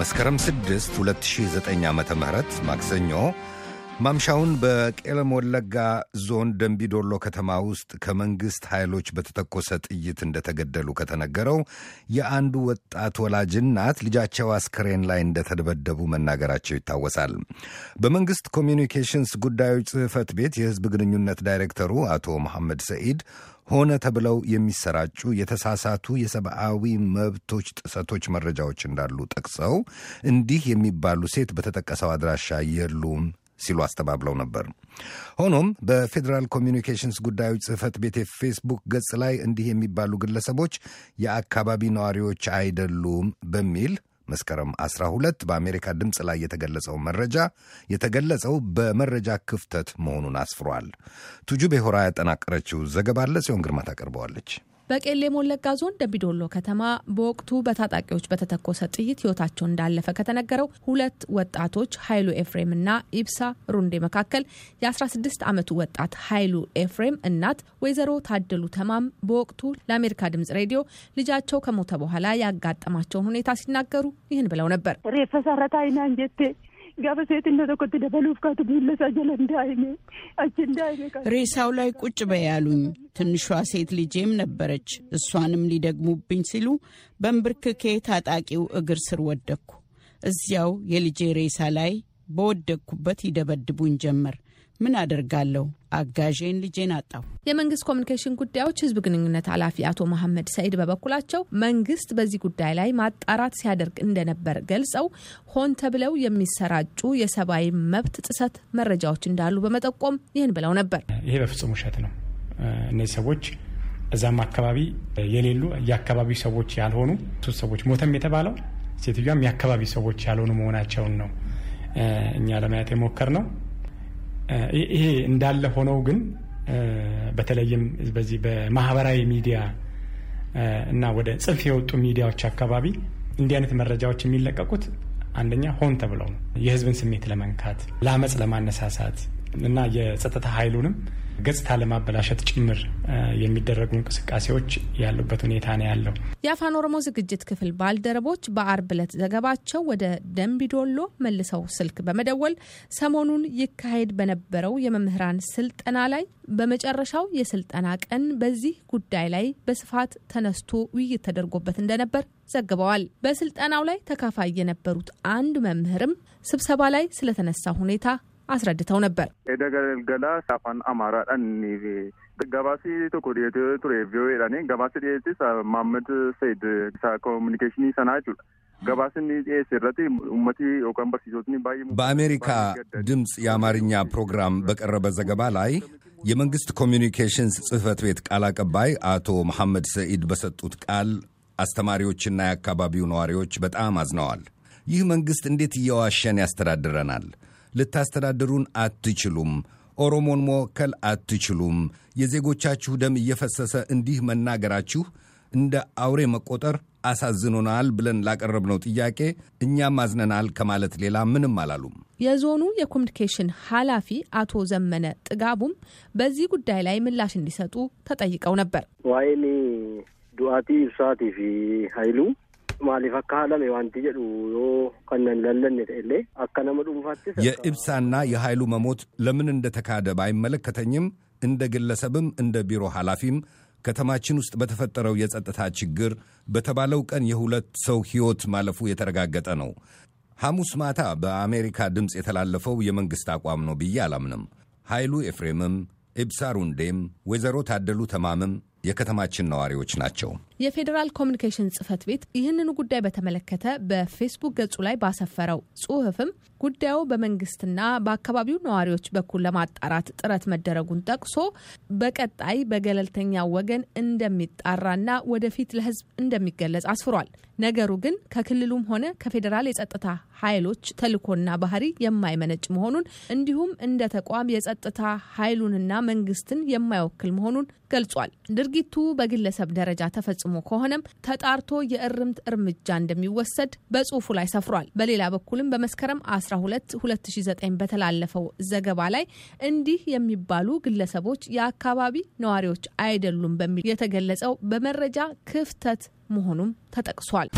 መስከረም 6 2009 ም ማክሰኞ ማምሻውን በቄለም ወለጋ ዞን ደንቢዶሎ ከተማ ውስጥ ከመንግሥት ኃይሎች በተተኮሰ ጥይት እንደተገደሉ ከተነገረው የአንዱ ወጣት ወላጅ እናት ልጃቸው አስከሬን ላይ እንደተደበደቡ መናገራቸው ይታወሳል። በመንግሥት ኮሚኒኬሽንስ ጉዳዮች ጽሕፈት ቤት የሕዝብ ግንኙነት ዳይሬክተሩ አቶ መሐመድ ሰኢድ ሆነ ተብለው የሚሰራጩ የተሳሳቱ የሰብአዊ መብቶች ጥሰቶች መረጃዎች እንዳሉ ጠቅሰው እንዲህ የሚባሉ ሴት በተጠቀሰው አድራሻ የሉም ሲሉ አስተባብለው ነበር። ሆኖም በፌዴራል ኮሚኒኬሽንስ ጉዳዮች ጽህፈት ቤት የፌስቡክ ገጽ ላይ እንዲህ የሚባሉ ግለሰቦች የአካባቢ ነዋሪዎች አይደሉም በሚል መስከረም 12 በአሜሪካ ድምፅ ላይ የተገለጸው መረጃ የተገለጸው በመረጃ ክፍተት መሆኑን አስፍሯል። ቱጁቤ ያጠናቀረችው ዘገባ ሲሆን ግርማ ታቀርበዋለች። በቄሌ ሞለጋ ዞን ደምቢዶሎ ከተማ በወቅቱ በታጣቂዎች በተተኮሰ ጥይት ህይወታቸው እንዳለፈ ከተነገረው ሁለት ወጣቶች ኃይሉ ኤፍሬም እና ኢብሳ ሩንዴ መካከል የ16 ዓመቱ ወጣት ኃይሉ ኤፍሬም እናት ወይዘሮ ታደሉ ተማም በወቅቱ ለአሜሪካ ድምጽ ሬዲዮ ልጃቸው ከሞተ በኋላ ያጋጠማቸውን ሁኔታ ሲናገሩ ይህን ብለው ነበር። ጋፈ ሴትነት tokkotti dabaluuf kaatu miillasaa jala እንዳይኔ achi እንዳይኔ ሬሳው ላይ ቁጭ በያሉኝ ትንሿ ሴት ልጄም ነበረች። እሷንም ሊደግሙብኝ ሲሉ በንብርክኬ ታጣቂው እግር ስር ወደቅኩ። እዚያው የልጄ ሬሳ ላይ በወደቅኩበት ይደበድቡኝ ጀመር። ምን አደርጋለሁ? አጋዤን ልጄን አጣሁ። የመንግስት ኮሚኒኬሽን ጉዳዮች ህዝብ ግንኙነት ኃላፊ አቶ መሐመድ ሰኢድ በበኩላቸው መንግስት በዚህ ጉዳይ ላይ ማጣራት ሲያደርግ እንደነበር ገልጸው ሆን ተብለው የሚሰራጩ የሰብአዊ መብት ጥሰት መረጃዎች እንዳሉ በመጠቆም ይህን ብለው ነበር። ይሄ በፍጹም ውሸት ነው። እነዚህ ሰዎች እዛም አካባቢ የሌሉ የአካባቢው ሰዎች ያልሆኑ ሶስት ሰዎች ሞተም የተባለው ሴትዮዋም የአካባቢ ሰዎች ያልሆኑ መሆናቸውን ነው እኛ ለማየት የሞከር ነው ይሄ እንዳለ ሆነው ግን በተለይም በዚህ በማህበራዊ ሚዲያ እና ወደ ጽንፍ የወጡ ሚዲያዎች አካባቢ እንዲህ አይነት መረጃዎች የሚለቀቁት አንደኛ ሆን ተብለው ነው፣ የህዝብን ስሜት ለመንካት፣ ለአመፅ ለማነሳሳት እና የጸጥታ ኃይሉንም ገጽታ ለማበላሸት ጭምር የሚደረጉ እንቅስቃሴዎች ያሉበት ሁኔታ ነው ያለው። የአፋን ኦሮሞ ዝግጅት ክፍል ባልደረቦች በአርብ ዕለት ዘገባቸው ወደ ደንቢዶሎ መልሰው ስልክ በመደወል ሰሞኑን ይካሄድ በነበረው የመምህራን ስልጠና ላይ በመጨረሻው የስልጠና ቀን በዚህ ጉዳይ ላይ በስፋት ተነስቶ ውይይት ተደርጎበት እንደነበር ዘግበዋል። በስልጠናው ላይ ተካፋይ የነበሩት አንድ መምህርም ስብሰባ ላይ ስለተነሳ ሁኔታ አስረድተው ነበር። ደገልገላ አፋን አማራ ገባሲ ቶኮ ቱሬ ቪኦኤ ገባሲ ማመድ ሰይድ ኮሚኒኬሽን ሰና ጁ በአሜሪካ ድምፅ የአማርኛ ፕሮግራም በቀረበ ዘገባ ላይ የመንግሥት ኮሚኒኬሽንስ ጽሕፈት ቤት ቃል አቀባይ አቶ መሐመድ ሰኢድ በሰጡት ቃል አስተማሪዎችና የአካባቢው ነዋሪዎች በጣም አዝነዋል። ይህ መንግሥት እንዴት እየዋሸን ያስተዳድረናል? ልታስተዳድሩን አትችሉም፣ ኦሮሞን መወከል አትችሉም፣ የዜጎቻችሁ ደም እየፈሰሰ እንዲህ መናገራችሁ እንደ አውሬ መቆጠር አሳዝኖናል ብለን ላቀረብነው ጥያቄ እኛም አዝነናል ከማለት ሌላ ምንም አላሉም። የዞኑ የኮሚኒኬሽን ኃላፊ አቶ ዘመነ ጥጋቡም በዚህ ጉዳይ ላይ ምላሽ እንዲሰጡ ተጠይቀው ነበር። ዋይኔ ዱአቲ ይብሳቲ ፊ ሀይሉ maaliif akka haalame wanti jedhu yoo kanneen lallanne ta'ellee akka nama dhuunfaattis የኢብሳና የኃይሉ መሞት ለምን እንደተካደ ባይመለከተኝም እንደ ግለሰብም እንደ ቢሮ ኃላፊም ከተማችን ውስጥ በተፈጠረው የጸጥታ ችግር በተባለው ቀን የሁለት ሰው ሕይወት ማለፉ የተረጋገጠ ነው። ሐሙስ ማታ በአሜሪካ ድምፅ የተላለፈው የመንግሥት አቋም ነው ብዬ አላምንም። ኃይሉ ኤፍሬምም፣ ኢብሳ ሩንዴም፣ ወይዘሮ ታደሉ ተማምም የከተማችን ነዋሪዎች ናቸው። የፌዴራል ኮሚኒኬሽን ጽህፈት ቤት ይህንኑ ጉዳይ በተመለከተ በፌስቡክ ገጹ ላይ ባሰፈረው ጽሁፍም ጉዳዩ በመንግስትና በአካባቢው ነዋሪዎች በኩል ለማጣራት ጥረት መደረጉን ጠቅሶ በቀጣይ በገለልተኛ ወገን እንደሚጣራና ወደፊት ለህዝብ እንደሚገለጽ አስፍሯል። ነገሩ ግን ከክልሉም ሆነ ከፌዴራል የጸጥታ ኃይሎች ተልእኮና ባህሪ የማይመነጭ መሆኑን እንዲሁም እንደ ተቋም የጸጥታ ኃይሉንና መንግስትን የማይወክል መሆኑን ገልጿል። ድርጊቱ በግለሰብ ደረጃ ተፈጽ ተፈጽሞ ከሆነም ተጣርቶ የእርምት እርምጃ እንደሚወሰድ በጽሁፉ ላይ ሰፍሯል። በሌላ በኩልም በመስከረም 12 2009 በተላለፈው ዘገባ ላይ እንዲህ የሚባሉ ግለሰቦች የአካባቢ ነዋሪዎች አይደሉም በሚል የተገለጸው በመረጃ ክፍተት መሆኑም ተጠቅሷል።